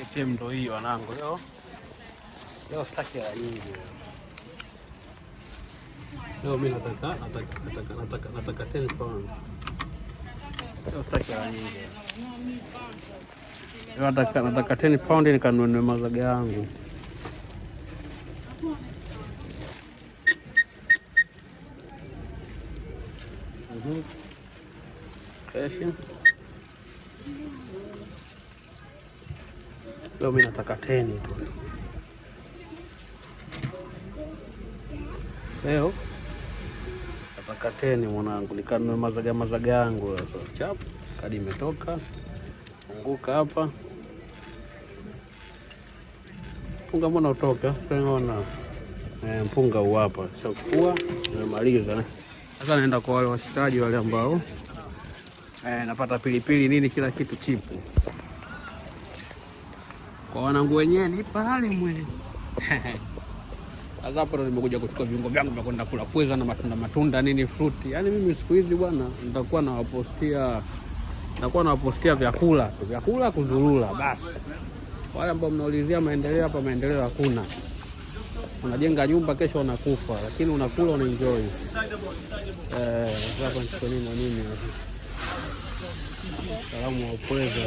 ATM ndo hii wanangu, leo leo sitaki hela nyingi. Leo mi nataka nataka nataka nataka nataka 10 pound. Leo sitaki hela nyingi. Leo nataka nataka 10 pound nikanunue mazaga yangu. Mhm. Kesho. Leo mimi nataka teni tu. Leo nataka teni mwanangu, nikanunue mazaga mazaga yangu sasa. chap kadi imetoka funguka hapa mpunga, mbona utoka ona eh, mpunga hapa chakua nimemaliza. Sasa naenda kwa wale washikaji wale ambao eh, napata pilipili nini kila kitu chipu kwa wanangu wenyewe ni pale mwe. Sasa hapo nimekuja kuchukua viungo vyangu vya kwenda kula pweza na matunda matunda nini fruti Yaani mimi siku hizi bwana nitakuwa nawapostia nitakuwa nawapostia vyakula tu. Vyakula kuzurura basi. Wale ambao mnaulizia maendeleo hapa maendeleo hakuna. Unajenga nyumba kesho unakufa, lakini unakula unaenjoy. Eh, hapo nini na nini. Salamu wa pweza.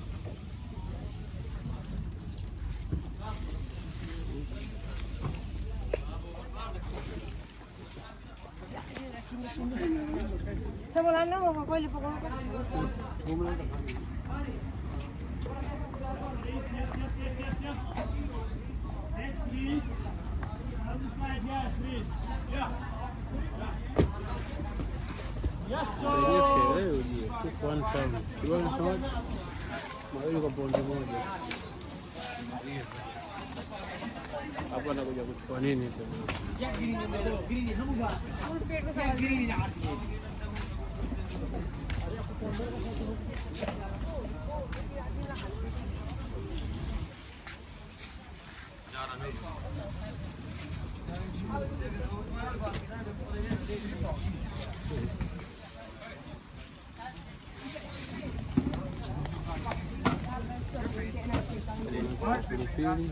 Sa wala na, makakwili po ko. Yes, sir. Yes, sir. hapo anakuja kuchukua nini? Pilipili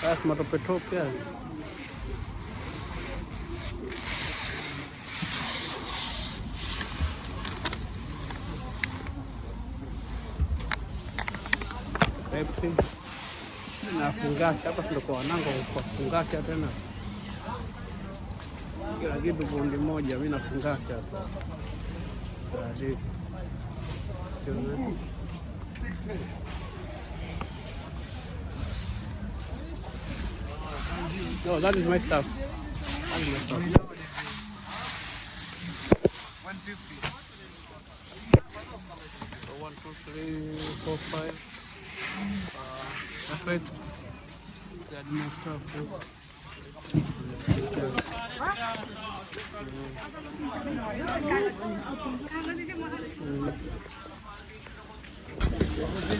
Basi matopetope haya. Pepsi na fungasi hapa ndio kwa wanangu kwa fungasi tena. Kila kitu kundi moja mimi na fungasi hapa. Sawa. No, that is my stuff. That is my stuff. 150. So one, two, three, four, five. Uh, that's right. That is my stuff. Mm.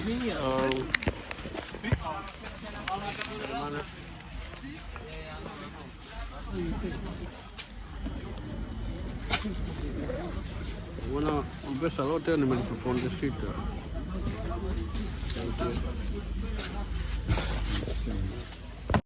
Mm. Oh. Unaona pesa lote nimeliponde sita. Thank you.